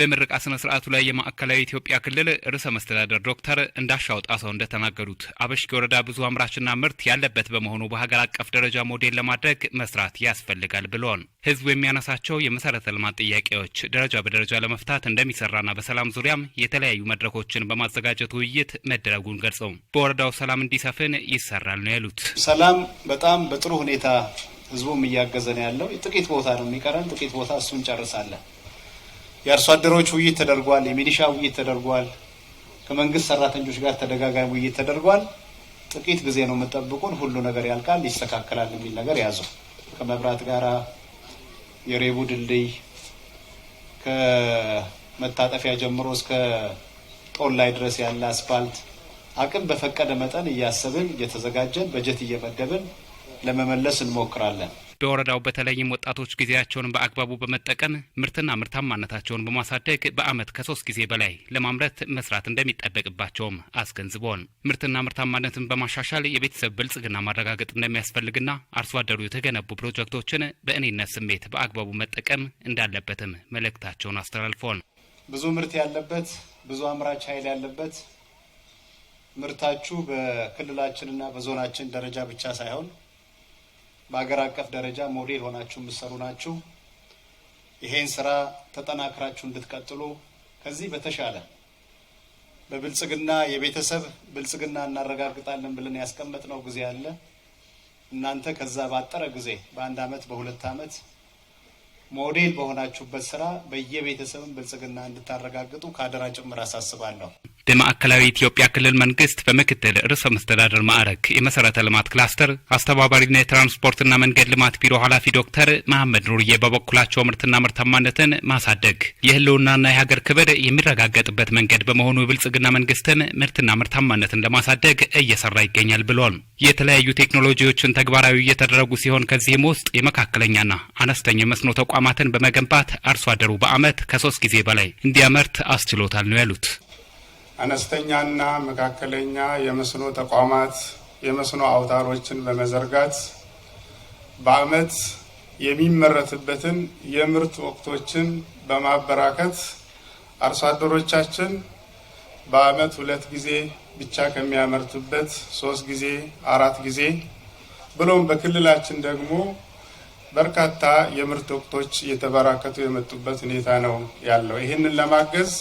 በምረቃ ስነ ስርዓቱ ላይ የማዕከላዊ ኢትዮጵያ ክልል ርዕሰ መስተዳደር ዶክተር እንዳሻው ጣሰው እንደተናገሩት አበሽጌ ወረዳ ብዙ አምራችና ምርት ያለበት በመሆኑ በሀገር አቀፍ ደረጃ ሞዴል ለማድረግ መስራት ያስፈልጋል ብለዋል። ህዝቡ የሚያነሳቸው የመሰረተ ልማት ጥያቄዎች ደረጃ በደረጃ ለመፍታት እንደሚሰራና በሰላም ዙሪያም የተለያዩ መድረኮችን በማዘጋጀት ውይይት መደረጉን ገልጸው በወረዳው ሰላም እንዲሰፍን ይሰራል ነው ያሉት። ሰላም በጣም በጥሩ ሁኔታ ህዝቡም እያገዘ ነው ያለው። ጥቂት ቦታ ነው የሚቀረን። ጥቂት ቦታ እሱን ጨርሳለን። የአርሶ አደሮች ውይይት ተደርጓል። የሚሊሻ ውይይት ተደርጓል። ከመንግስት ሰራተኞች ጋር ተደጋጋሚ ውይይት ተደርጓል። ጥቂት ጊዜ ነው የምጠብቁን፣ ሁሉ ነገር ያልቃል፣ ይስተካከላል የሚል ነገር ያዘው። ከመብራት ጋር የሬቡ ድልድይ ከመታጠፊያ ጀምሮ እስከ ጦል ላይ ድረስ ያለ አስፋልት አቅም በፈቀደ መጠን እያሰብን እየተዘጋጀን በጀት እየመደብን ለመመለስ እንሞክራለን። በወረዳው በተለይም ወጣቶች ጊዜያቸውን በአግባቡ በመጠቀም ምርትና ምርታማነታቸውን በማሳደግ በአመት ከሶስት ጊዜ በላይ ለማምረት መስራት እንደሚጠበቅባቸውም አስገንዝቧል። ምርትና ምርታማነትን በማሻሻል የቤተሰብ ብልጽግና ማረጋገጥ እንደሚያስፈልግና አርሶ አደሩ የተገነቡ ፕሮጀክቶችን በእኔነት ስሜት በአግባቡ መጠቀም እንዳለበትም መልእክታቸውን አስተላልፏል። ብዙ ምርት ያለበት ብዙ አምራች ኃይል ያለበት ምርታችሁ በክልላችንና በዞናችን ደረጃ ብቻ ሳይሆን በሀገር አቀፍ ደረጃ ሞዴል ሆናችሁ የምትሰሩ ናችሁ። ይሄን ስራ ተጠናክራችሁ እንድትቀጥሉ ከዚህ በተሻለ በብልጽግና የቤተሰብ ብልጽግና እናረጋግጣለን ብለን ያስቀመጥነው ጊዜ አለ። እናንተ ከዛ ባጠረ ጊዜ በአንድ አመት በሁለት አመት ሞዴል በሆናችሁበት ስራ በየቤተሰብን ብልጽግና እንድታረጋግጡ ከአደራ ጭምር አሳስባለሁ። በማዕከላዊ ኢትዮጵያ ክልል መንግስት በምክትል ርዕሰ መስተዳደር ማዕረግ የመሰረተ ልማት ክላስተር አስተባባሪና የትራንስፖርትና መንገድ ልማት ቢሮ ኃላፊ ዶክተር መሐመድ ኑርዬ በበኩላቸው ምርትና ምርታማነትን ማሳደግ የህልውናና የሀገር ክብር የሚረጋገጥበት መንገድ በመሆኑ የብልጽግና መንግስትን ምርትና ምርታማነትን ለማሳደግ እየሰራ ይገኛል ብሏል። የተለያዩ ቴክኖሎጂዎችን ተግባራዊ እየተደረጉ ሲሆን ከዚህም ውስጥ የመካከለኛና አነስተኛ መስኖ ተቋማ ተቋማትን በመገንባት አርሶ አደሩ በአመት ከሶስት ጊዜ በላይ እንዲያመርት አስችሎታል ነው ያሉት። አነስተኛና መካከለኛ የመስኖ ተቋማት የመስኖ አውታሮችን በመዘርጋት በአመት የሚመረትበትን የምርት ወቅቶችን በማበራከት አርሶ አደሮቻችን በአመት ሁለት ጊዜ ብቻ ከሚያመርቱበት ሶስት ጊዜ አራት ጊዜ ብሎም በክልላችን ደግሞ በርካታ የምርት ወቅቶች እየተበራከቱ የመጡበት ሁኔታ ነው ያለው። ይህንን ለማገዝ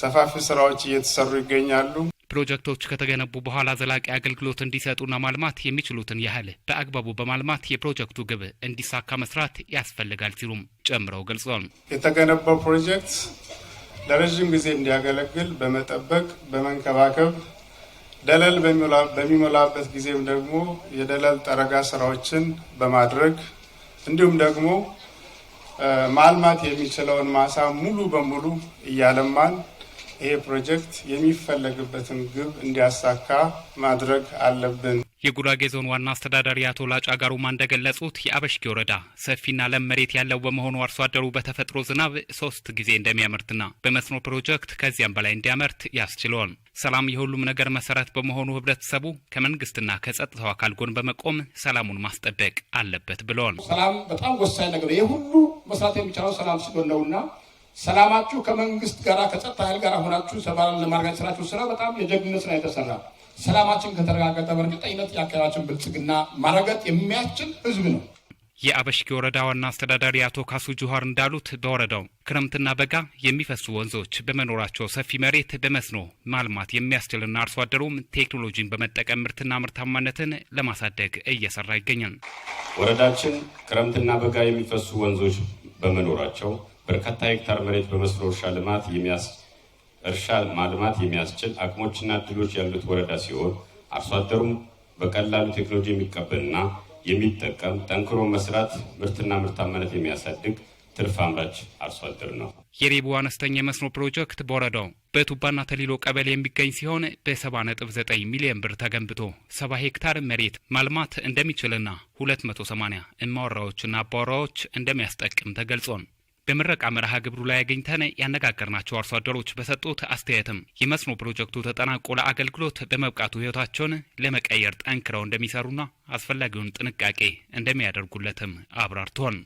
ሰፋፊ ስራዎች እየተሰሩ ይገኛሉ። ፕሮጀክቶች ከተገነቡ በኋላ ዘላቂ አገልግሎት እንዲሰጡና ማልማት የሚችሉትን ያህል በአግባቡ በማልማት የፕሮጀክቱ ግብ እንዲሳካ መስራት ያስፈልጋል ሲሉም ጨምረው ገልጸዋል። የተገነባው ፕሮጀክት ለረዥም ጊዜ እንዲያገለግል በመጠበቅ በመንከባከብ ደለል በሚሞላበት ጊዜም ደግሞ የደለል ጠረጋ ስራዎችን በማድረግ እንዲሁም ደግሞ ማልማት የሚችለውን ማሳ ሙሉ በሙሉ እያለማን ይሄ ፕሮጀክት የሚፈለግበትን ግብ እንዲያሳካ ማድረግ አለብን። የጉራጌ ዞን ዋና አስተዳዳሪ አቶ ላጫ ጋሩማ እንደገለጹት የአበሽጌ ወረዳ ሰፊና ለም መሬት ያለው በመሆኑ አርሶ አደሩ በተፈጥሮ ዝናብ ሶስት ጊዜ እንደሚያመርትና በመስኖ ፕሮጀክት ከዚያም በላይ እንዲያመርት ያስችለዋል። ሰላም የሁሉም ነገር መሰረት በመሆኑ ህብረተሰቡ ከመንግስትና ከጸጥታው አካል ጎን በመቆም ሰላሙን ማስጠበቅ አለበት ብለዋል። ሰላም በጣም ወሳኝ ነገር፣ የሁሉ መስራት የሚቻለው ሰላም ሲሆን ነውና ሰላማችሁ ከመንግስት ጋር ከጸጥታ ኃይል ጋር ሆናችሁ ሰባ ለማድረግ ስራችሁ ስራ በጣም የጀግነት ስራ የተሰራ ሰላማችን ከተረጋገጠ በእርግጠኝነት የአካባቢያችን ብልጽግና ማረጋገጥ የሚያስችል ህዝብ ነው። የአበሽጌ ወረዳ ዋና አስተዳዳሪ አቶ ካሱ ጁሃር እንዳሉት በወረዳው ክረምትና በጋ የሚፈሱ ወንዞች በመኖራቸው ሰፊ መሬት በመስኖ ማልማት የሚያስችልና አርሶ አደሩም ቴክኖሎጂን በመጠቀም ምርትና ምርታማነትን ለማሳደግ እየሰራ ይገኛል። ወረዳችን ክረምትና በጋ የሚፈሱ ወንዞች በመኖራቸው በርካታ ሄክታር መሬት በመስኖ እርሻ ልማት የሚያስ እርሻ ማልማት የሚያስችል አቅሞችና እድሎች ያሉት ወረዳ ሲሆን አርሶ አደሩም በቀላሉ ቴክኖሎጂ የሚቀበልና የሚጠቀም ጠንክሮ መስራት ምርትና ምርታማነት የሚያሳድግ ትርፍ አምራች አርሶ አደር ነው። የሬቡ አነስተኛ የመስኖ ፕሮጀክት በወረዳው በቱባና ተሊሎ ቀበሌ የሚገኝ ሲሆን በ 79 ሚሊዮን ብር ተገንብቶ 70 ሄክታር መሬት ማልማት እንደሚችልና 280 እማወራዎችና አባወራዎች እንደሚያስጠቅም ተገልጿል። በምረቃ መርሃ ግብሩ ላይ አግኝተን ያነጋገርናቸው አርሶ አደሮች በሰጡት አስተያየትም የመስኖ ፕሮጀክቱ ተጠናቆ ለአገልግሎት በመብቃቱ ህይወታቸውን ለመቀየር ጠንክረው እንደሚሰሩና አስፈላጊውን ጥንቃቄ እንደሚያደርጉለትም አብራርተዋል።